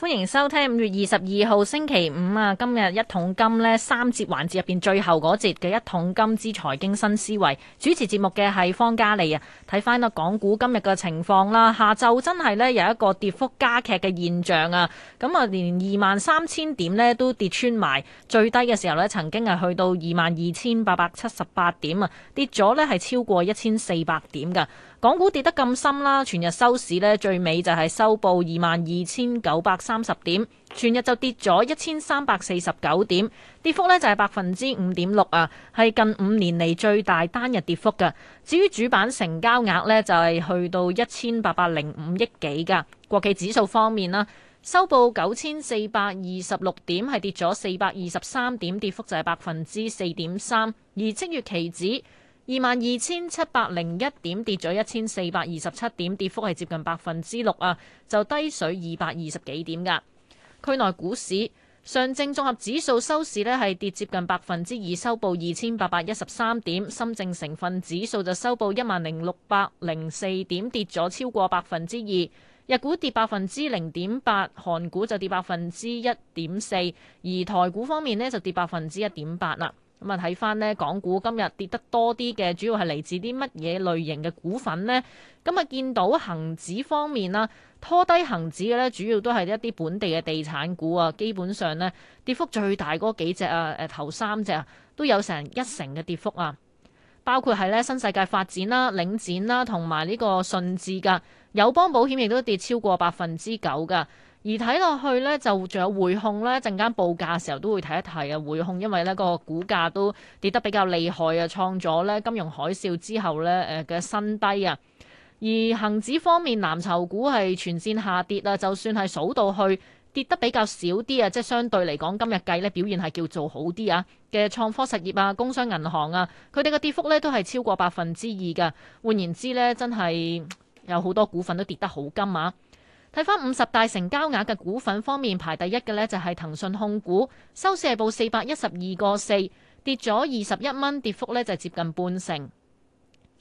歡迎收聽五月二十二號星期五啊，今日一桶金呢，三節環節入邊最後嗰節嘅一桶金之財經新思維主持節目嘅係方嘉莉啊，睇翻啦港股今日嘅情況啦，下晝真係呢，有一個跌幅加劇嘅現象啊，咁啊連二萬三千點呢都跌穿埋，最低嘅時候呢，曾經係去到二萬二千八百七十八點啊，跌咗呢係超過一千四百點噶，港股跌得咁深啦，全日收市呢，最尾就係收報二萬二千九百。三十點，全日就跌咗一千三百四十九點，跌幅呢就係百分之五點六啊，係近五年嚟最大單日跌幅噶。至於主板成交額呢，就係去到一千八百零五億幾噶。國企指數方面啦，收報九千四百二十六點，係跌咗四百二十三點，跌幅就係百分之四點三。而七月期指。二萬二千七百零一點，跌咗一千四百二十七點，跌幅係接近百分之六啊，就低水二百二十幾點㗎。區內股市，上證綜合指數收市呢係跌接近百分之二，收報二千八百一十三點；深證成分指數就收報一萬零六百零四點，跌咗超過百分之二。日股跌百分之零點八，韓股就跌百分之一點四，而台股方面呢就跌百分之一點八啦。咁啊，睇返呢港股今日跌得多啲嘅，主要係嚟自啲乜嘢類型嘅股份呢？咁啊，見到恒指方面啦，拖低恒指嘅呢，主要都係一啲本地嘅地產股啊。基本上呢，跌幅最大嗰幾隻啊，誒頭三隻啊都有成一成嘅跌幅啊。包括係呢新世界發展啦、領展啦，同埋呢個信置噶友邦保險亦都跌超過百分之九噶。而睇落去呢，就仲有匯控呢，陣間報價嘅時候都會睇一睇啊。匯控因為呢個股價都跌得比較厲害啊，創咗呢金融海嘯之後呢誒嘅新低啊。而恒指方面，藍籌股係全線下跌啊，就算係數到去跌得比較少啲啊，即係相對嚟講今日計呢表現係叫做好啲啊嘅創科實業啊、工商銀行啊，佢哋嘅跌幅呢都係超過百分之二嘅。換言之呢，真係有好多股份都跌得好金啊！睇翻五十大成交額嘅股份方面，排第一嘅呢就係騰訊控股，收市係報四百一十二個四，跌咗二十一蚊，跌幅呢就接近半成。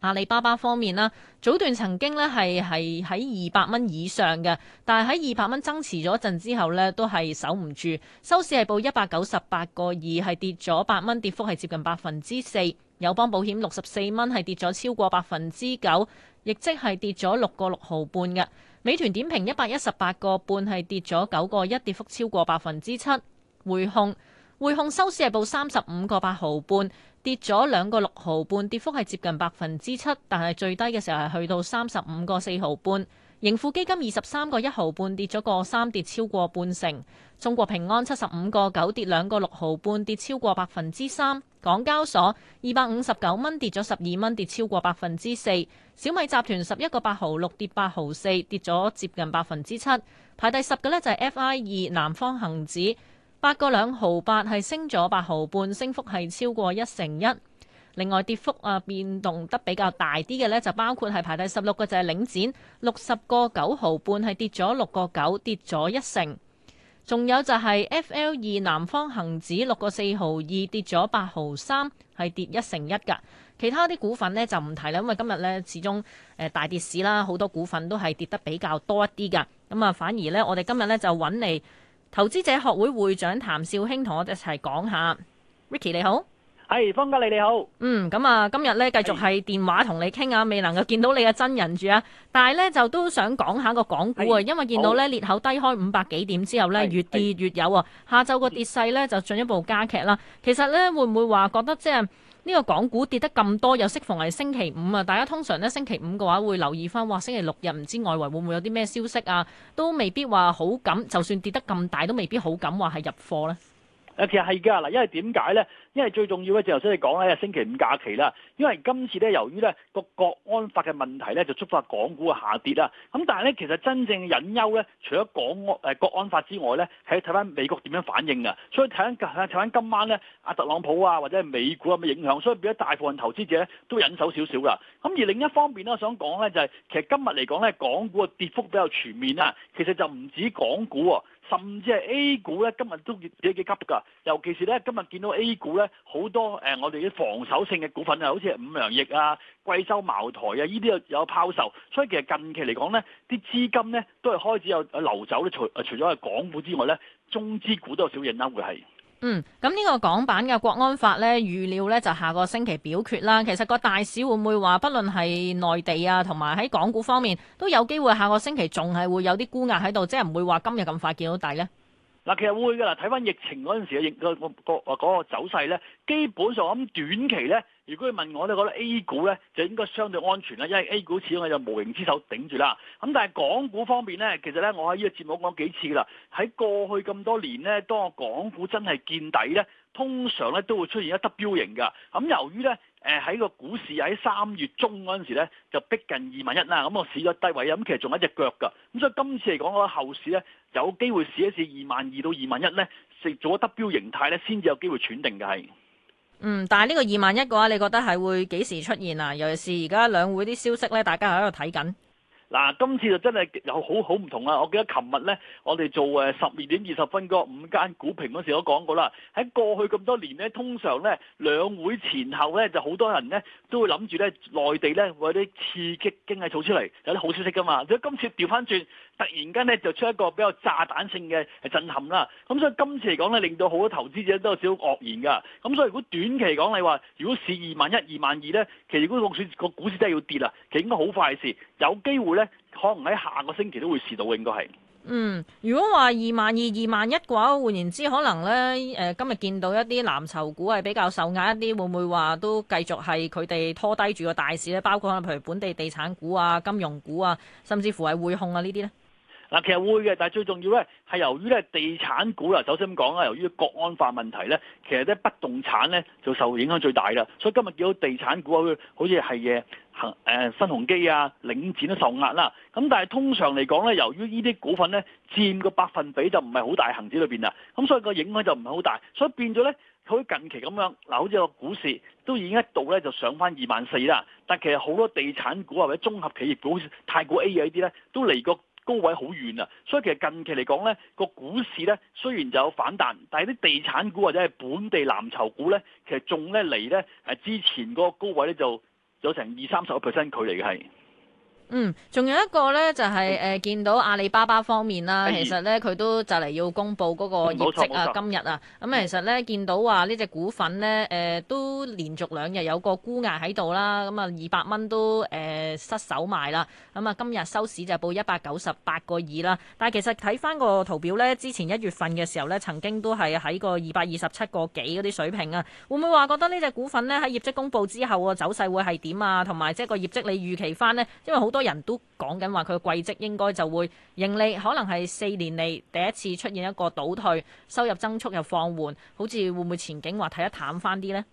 阿里巴巴方面啦，早段曾經呢係係喺二百蚊以上嘅，但係喺二百蚊增持咗一陣之後呢都係守唔住，收市係報一百九十八個二，係跌咗八蚊，跌幅係接近百分之四。友邦保險六十四蚊係跌咗超過百分之九，亦即係跌咗六個六毫半嘅。美團點評一百一十八個半係跌咗九個一，跌幅超過百分之七。匯控匯控收市係報三十五個八毫半，跌咗兩個六毫半，跌幅係接近百分之七，但係最低嘅時候係去到三十五個四毫半。盈富基金二十三個一毫半跌咗個三，跌超過半成。中國平安七十五個九跌兩個六毫半，跌超過百分之三。港交所二百五十九蚊跌咗十二蚊，跌超過百分之四。小米集團十一個八毫六跌八毫四，跌咗接近百分之七。排第十嘅呢，就係 FI 二南方恒指八個兩毫八係升咗八毫半，升幅係超過一成一。另外跌幅啊，變動得比較大啲嘅呢，就包括係排第十六個就係領展六十個九毫半係跌咗六個九，跌咗一成。仲有就係 F L 二南方恒指六個四毫二跌咗八毫三，係跌一成一㗎。其他啲股份呢，就唔提啦，因為今日呢，始終誒大跌市啦，好多股份都係跌得比較多一啲㗎。咁、嗯、啊，反而呢，我哋今日呢，就揾嚟投資者學會會長譚紹興同我哋一齊講下，Ricky 你好。係，方哥，你哋好。嗯，咁啊，今日咧繼續係電話同你傾啊，未能夠見到你嘅真人住啊，但係咧就都想講下個港股啊，因為見到咧裂口低開五百幾點之後咧越跌越有啊，下晝個跌勢咧就進一步加劇啦。其實咧會唔會話覺得即係呢個港股跌得咁多，又適逢係星期五啊？大家通常咧星期五嘅話會留意翻，哇，星期六日唔知外圍會唔會有啲咩消息啊？都未必話好敢，就算跌得咁大都未必好敢話係入貨咧。誒，其實係噶嗱，因為點解咧？因為最重要咧，就頭先你講咧，星期五假期啦。因為今次咧，由於咧個國安法嘅問題咧，就觸發港股嘅下跌啦。咁但係咧，其實真正嘅隱憂咧，除咗港誒國安法之外咧，係睇翻美國點樣反應㗎。所以睇翻睇翻今晚咧，阿特朗普啊，或者係美股有冇影響，所以變咗大部分投資者都忍手少少噶。咁而另一方面咧，我想講咧就係，其實今日嚟講咧，港股嘅跌幅比較全面啊。其實就唔止港股。甚至係 A 股咧，今日都幾幾急㗎。尤其是咧，今日見到 A 股咧，好多誒、呃，我哋啲防守性嘅股份啊，好似係五糧液啊、貴州茅台啊，呢啲有有拋售。所以其實近期嚟講咧，啲資金咧都係開始有流走咧。除除咗係港股之外咧，中資股都有少少影響嘅係。嗯，咁、這、呢個港版嘅國安法咧，預料咧就下個星期表決啦。其實個大市會唔會話，不論係內地啊，同埋喺港股方面都有機會下個星期仲係會有啲沽壓喺度，即係唔會話今日咁快見到底咧。嗱，其實會㗎啦，睇返疫情嗰陣時嘅疫、那個個、那個走勢咧，基本上咁短期咧。如果你問我咧，我覺得 A 股咧就應該相對安全啦，因為 A 股始終有無形之手頂住啦。咁但係港股方面咧，其實咧我喺呢個節目講幾次啦。喺過去咁多年咧，當我港股真係見底咧，通常咧都會出現一 W 型㗎。咁、嗯、由於咧，誒喺個股市喺三月中嗰陣時咧就逼近二萬一啦。咁、嗯、我試咗低位啊，咁其實仲有一隻腳㗎。咁、嗯、所以今次嚟講，我覺得後市咧有機會試一試二萬二到二萬一咧，食咗 W 型態咧，先至有機會喘定嘅係。嗯，但係呢個二萬一嘅話，你覺得係會幾時出現啊？尤其是而家兩會啲消息咧，大家喺度睇緊。嗱，今次就真係有好好唔同啦。我記得琴日咧，我哋做誒十二點二十分嗰五間股評嗰時我講過啦。喺過去咁多年咧，通常咧兩會前後咧，就好多人咧都會諗住咧內地咧會有啲刺激經濟措施出嚟，有啲好消息噶嘛。咁今次調翻轉。突然間咧就出一個比較炸彈性嘅震撼啦，咁、嗯、所以今次嚟講咧令到好多投資者都有少少愕然噶，咁、嗯、所以如果短期嚟講你話如果市二萬一、二萬二咧，其實如果落市個股市真係要跌啦，其實應該好快事，有機會咧可能喺下個星期都會試到嘅應該係。嗯，如果話二萬二、二萬一嘅話，換言之可能咧誒、呃、今日見到一啲藍籌股係比較受壓一啲，會唔會話都繼續係佢哋拖低住個大市咧？包括可能譬如本地地產股啊、金融股啊，甚至乎係匯控啊呢啲咧？嗱，其實會嘅，但係最重要咧係由於咧地產股啦，首先咁講啊，由於國安化問題咧，其實咧不動產咧就受影響最大啦。所以今日見到地產股好似係嘅，行誒新鴻基啊領展都受壓啦。咁但係通常嚟講咧，由於呢啲股份咧佔個百分比就唔係好大，恆指裏邊啊，咁所以個影響就唔係好大。所以變咗咧，好似近期咁樣，嗱，好似個股市都已經一度咧就上返二萬四啦。但其實好多地產股或者綜合企業股，太古 A 啊依啲咧都嚟個高位好遠啊，所以其實近期嚟講咧，個股市咧雖然就有反彈，但係啲地產股或者係本地藍籌股咧，其實仲咧離咧誒之前嗰個高位咧就有成二三十個 percent 距離嘅係。嗯，仲有一個咧就係、是、誒、嗯、見到阿里巴巴方面啦，嗯、其實咧佢都就嚟要公布嗰個業績啊，錯今日啊，咁錯、嗯、其實咧見到話呢隻股份咧誒、呃、都連續兩日有個沽壓喺度啦，咁啊二百蚊都誒、呃、失守啦，咁、嗯、啊今日收市就報一百九十八個二啦，但係其實睇翻個圖表咧，之前一月份嘅時候咧，曾經都係喺個二百二十七個幾嗰啲水平啊，會唔會話覺得呢隻股份咧喺業績公布之後個走勢會係點啊？同埋即係個業績你預期翻咧，因為好。多人都講緊話佢嘅季績應該就會盈利，可能係四年嚟第一次出現一個倒退，收入增速又放緩，好似會唔會前景話睇得淡翻啲咧？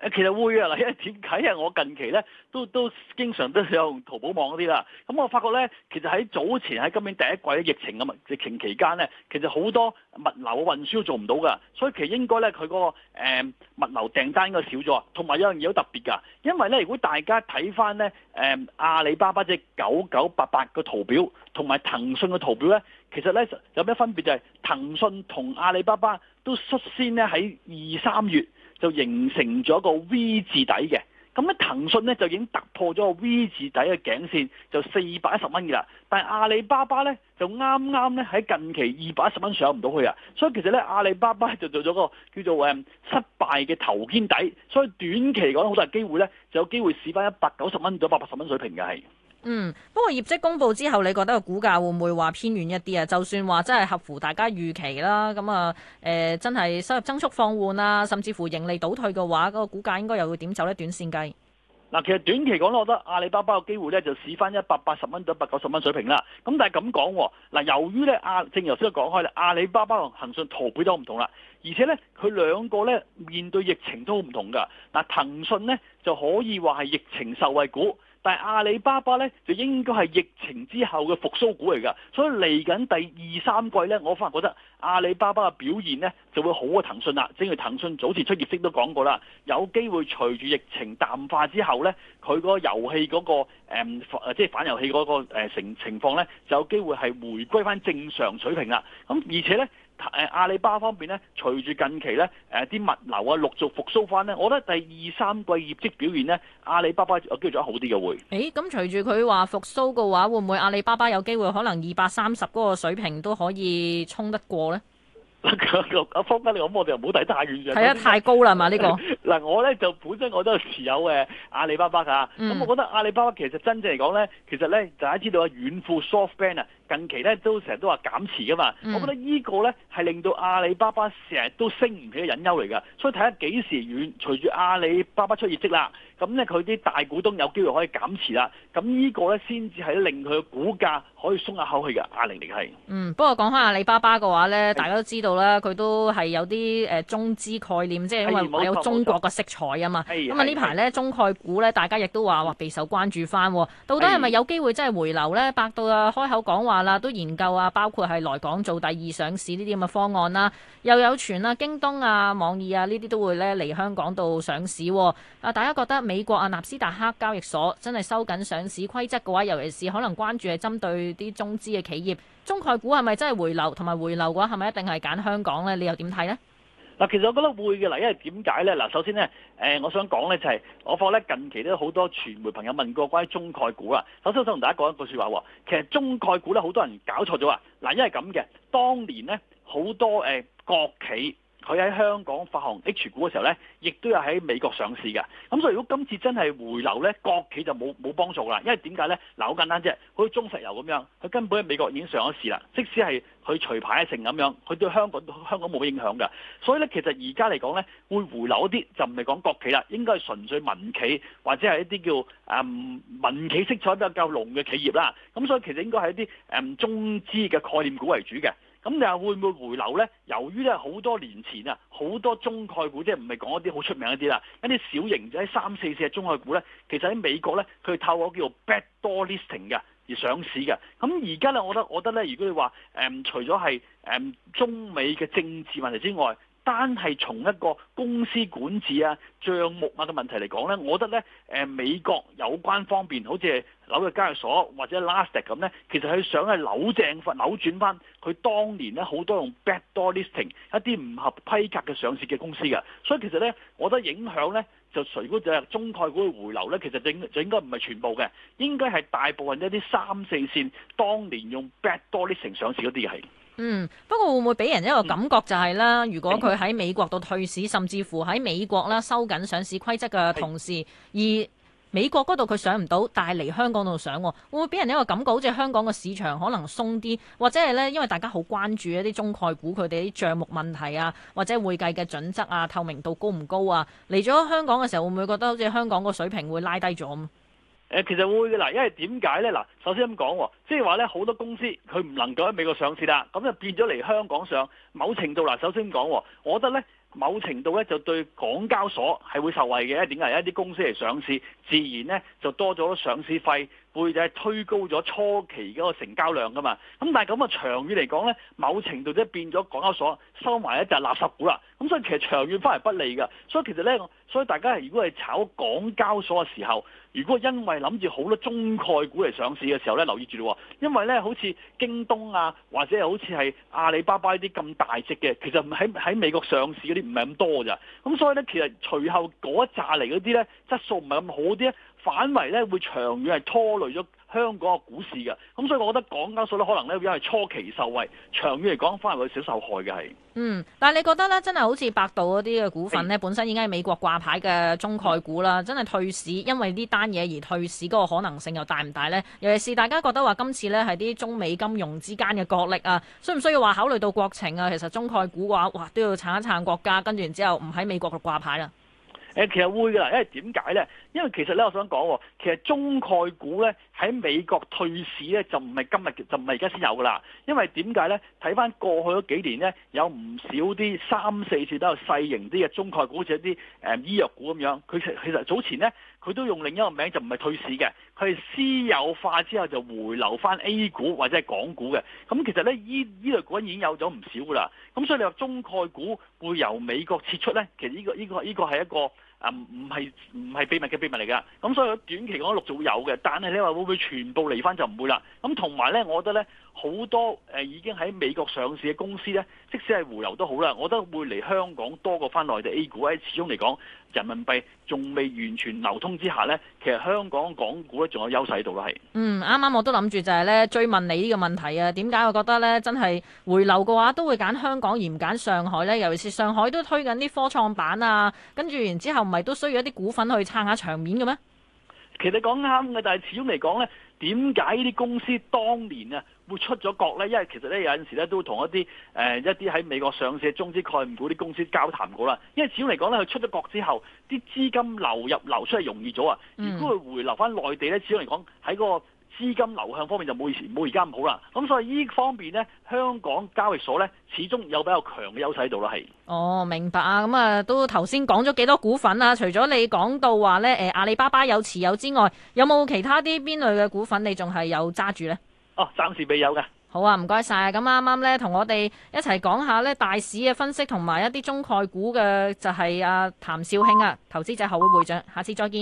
誒其實會啊，嗱，因為點解啊？我近期咧都都經常都用淘寶網啲啦，咁、嗯、我發覺咧，其實喺早前喺今年第一季疫情嘅疫情期間咧，其實好多物流嘅運輸都做唔到㗎，所以其實應該咧佢嗰個、嗯、物流訂單應該少咗，同埋有一樣嘢好特別㗎，因為咧如果大家睇翻咧誒阿里巴巴隻九九八八嘅圖表，同埋騰訊嘅圖表咧，其實咧有咩分別就係、是、騰訊同阿里巴巴都率先咧喺二三月，就形成咗個 V 字底嘅，咁咧騰訊咧就已經突破咗個 V 字底嘅頸線，就四百一十蚊嘅啦。但係阿里巴巴咧就啱啱咧喺近期二百一十蚊上唔到去啊，所以其實咧阿里巴巴就做咗個叫做誒失敗嘅頭肩底，所以短期講好大機會咧就有機會試翻一百九十蚊到一百八十蚊水平嘅係。嗯，不過業績公布之後，你覺得個股價會唔會話偏軟一啲啊？就算話真係合乎大家預期啦，咁、嗯、啊，誒、呃，真係收入增速放緩啊，甚至乎盈利倒退嘅話，嗰、這個股價應該又會點走呢？短線計嗱，其實短期講咧，我覺得阿里巴巴嘅機會呢就試翻一百八十蚊到一百九十蚊水平啦。咁但係咁講嗱，由於呢，阿正頭先都講開啦，阿里巴巴恒信同騰訊逃避都唔同啦，而且呢，佢兩個呢，面對疫情都唔同噶。嗱，騰訊呢就可以話係疫情受惠股。但係阿里巴巴咧就應該係疫情之後嘅復甦股嚟噶所以嚟緊第二三季咧，我反而覺得阿里巴巴嘅表現咧就會好過騰訊啦。正如騰訊早前出業績都講過啦，有機會隨住疫情淡化之後咧，佢個遊戲嗰個誒、嗯、即係反遊戲嗰個誒成、呃、情況咧就有機會係回歸翻正常水平啦。咁而且咧。誒阿里巴巴方面咧，隨住近期咧，誒、啊、啲物流啊陸續復甦翻咧，我覺得第二三季業績表現咧，阿里巴巴有機會好啲嘅會。誒、欸，咁、嗯、隨住佢話復甦嘅話，會唔會阿里巴巴有機會可能二百三十嗰個水平都可以衝得過咧？阿、 啊、方家，你咁我哋又唔好睇太遠嘅。係啊，太高 啦嘛呢個。嗱，我咧就本身我都持有誒阿里巴巴啊。咁我覺得阿里巴巴其實真正嚟講咧，其實咧大家知道啊，軟庫 SoftBank 啊，近期咧都成日都話減持噶嘛。嗯、我覺得依個咧係令到阿里巴巴成日都升唔起嘅隱憂嚟㗎。所以睇下幾時遠，隨住阿里巴巴出業績啦。咁呢，佢啲大股東有機會可以減持啦，咁呢個呢，先至係令佢個股價可以鬆下口氣嘅壓力嚟嘅係。嗯，不過講開阿里巴巴嘅話呢，是大家都知道啦，佢都係有啲誒中資概念，即係是因為有中國嘅色彩啊嘛。咁啊呢排呢，中概股呢，大家亦都話話備受關注翻，到底係咪有機會真係回流呢？百度啊開口講話啦，都研究啊，包括係來港做第二上市呢啲咁嘅方案啦，又有傳啊，京東啊、網易啊呢啲都會呢嚟香港度上市。啊，大家覺得？美國阿納斯達克交易所真係收緊上市規則嘅話，尤其是可能關注係針對啲中資嘅企業，中概股係咪真係回流同埋回流嘅話，係咪一定係揀香港咧？你又點睇呢？嗱，其實我覺得會嘅啦，因為點解咧？嗱，首先咧，誒、呃，我想講咧就係、是、我放咧近期都有好多傳媒朋友問過關於中概股啊。首先想同大家講一句説話，其實中概股咧好多人搞錯咗啊。嗱，因為咁嘅，當年咧好多誒、呃、國企。佢喺香港發行 H 股嘅時候呢，亦都有喺美國上市嘅。咁所以如果今次真係回流呢，國企就冇冇幫助啦。因為點解呢？嗱，好簡單啫，好似中石油咁樣，佢根本喺美國已經上咗市啦。即使係佢除牌成咁樣，佢對香港香港冇影響嘅。所以呢，其實而家嚟講呢，會回流一啲就唔係講國企啦，應該係純粹民企或者係一啲叫誒、嗯、民企色彩比較夠濃嘅企業啦。咁所以其實應該係一啲誒、嗯、中資嘅概念股為主嘅。咁你話會唔會回流咧？由於咧好多年前啊，好多中概股，即係唔係講一啲好出名一啲啦，一啲小型仔三四四嘅中概股咧，其實喺美國咧，佢透過叫做 back door listing 嘅而上市嘅。咁而家咧，我覺得我覺得咧，如果你話誒、嗯、除咗係誒中美嘅政治問題之外，單係從一個公司管治啊、帳目啊嘅問題嚟講咧，我覺得咧，誒美國有關方面，好似紐約交易所或者 Lastek 咁咧，其實佢想係扭正扭轉翻佢當年咧好多用 backdoor listing 一啲唔合規格嘅上市嘅公司嘅，所以其實咧，我覺得影響咧就除就隻中概股嘅回流咧，其實應就應該唔係全部嘅，應該係大部分一啲三四線當年用 backdoor listing 上市嗰啲嘢係。嗯，不過會唔會俾人一個感覺就係啦，如果佢喺美國度退市，甚至乎喺美國咧收緊上市規則嘅同時，而美國嗰度佢上唔到，但係嚟香港度上，會唔會俾人一個感覺，好似香港嘅市場可能鬆啲，或者係呢，因為大家好關注一啲中概股佢哋啲帳目問題啊，或者會計嘅準則啊，透明度高唔高啊？嚟咗香港嘅時候，會唔會覺得好似香港個水平會拉低咗？誒，其實會嘅嗱，因為點解咧？嗱，首先咁講，即係話咧，好多公司佢唔能夠喺美國上市啦，咁就變咗嚟香港上。某程度，嗱，首先咁講，我覺得咧，某程度咧就對港交所係會受惠嘅。點解？因為一啲公司嚟上市，自然咧就多咗上市費。會就係推高咗初期嗰個成交量噶嘛，咁但係咁啊，長遠嚟講咧，某程度都變咗港交所收埋一隻垃圾股啦，咁所以其實長遠翻嚟不利嘅，所以其實呢，所以大家如果係炒港交所嘅時候，如果因為諗住好多中概股嚟上市嘅時候呢，留意住咯，因為呢，好似京東啊，或者好似係阿里巴巴呢啲咁大隻嘅，其實喺喺美國上市嗰啲唔係咁多咋，咁所以呢，其實隨後嗰一紮嚟嗰啲呢質素唔係咁好啲。反而咧會長遠係拖累咗香港嘅股市嘅，咁所以我覺得港交所咧可能咧因為初期受惠，長遠嚟講反而會少受害嘅係。嗯，但係你覺得咧，真係好似百度嗰啲嘅股份咧，本身已經喺美國掛牌嘅中概股啦，真係退市，因為呢單嘢而退市嗰個可能性又大唔大呢？尤其是大家覺得話今次呢係啲中美金融之間嘅角力啊，需唔需要話考慮到國情啊？其實中概股嘅話，哇都要撐一撐國家，跟住然之後唔喺美國度掛牌啦。誒其實會㗎，因為點解咧？因為其實咧，我想講喎，其實中概股咧喺美國退市咧就唔係今日，就唔係而家先有㗎啦。因為點解咧？睇翻過去嗰幾年咧，有唔少啲三四次都有細型啲嘅中概股，好似一啲誒、嗯、醫藥股咁樣，佢其其實早前咧佢都用另一個名就唔係退市嘅，佢係私有化之後就回流翻 A 股或者係港股嘅。咁其實咧，依依類股已經有咗唔少㗎啦。咁所以你話中概股會由美國撤出咧，其實依個、依個、依個係一個。啊，唔係唔係秘密嘅秘密嚟噶。咁、嗯、所以短期講六就會有嘅，但係你話會唔會全部嚟翻就唔會啦。咁同埋咧，我覺得咧。好多誒已經喺美國上市嘅公司咧，即使係回流都好啦，我覺得會嚟香港多過翻內地 A 股。誒，始終嚟講，人民幣仲未完全流通之下呢，其實香港港股咧仲有優勢喺度啦。係。嗯，啱啱我都諗住就係呢追問你呢個問題啊，點解我覺得呢真係回流嘅話都會揀香港，而唔揀上海呢？尤其是上海都推緊啲科創板啊，跟住然之後唔係都需要一啲股份去撐下場面嘅咩？其實講啱嘅，但係始終嚟講呢。點解呢啲公司當年啊會出咗國呢？因為其實呢，有陣時呢，都、呃、同一啲誒一啲喺美國上市嘅中資概念股啲公司交談過啦。因為始終嚟講呢，佢出咗國之後，啲資金流入流出係容易咗啊。如果佢回流翻內地呢，始終嚟講喺個。資金流向方面就冇以前冇而家咁好啦，咁所以依方面呢，香港交易所呢，始終有比較強嘅優勢喺度咯，係。哦，明白啊，咁啊都頭先講咗幾多股份啊？除咗你講到話呢，誒阿里巴巴有持有之外，有冇其他啲邊類嘅股份你仲係有揸住呢？哦，暫時未有嘅。好啊，唔該晒。咁啱啱呢，同我哋一齊講下呢，大市嘅分析同埋一啲中概股嘅就係啊譚少慶啊，投資者協會,會會長，下次再見。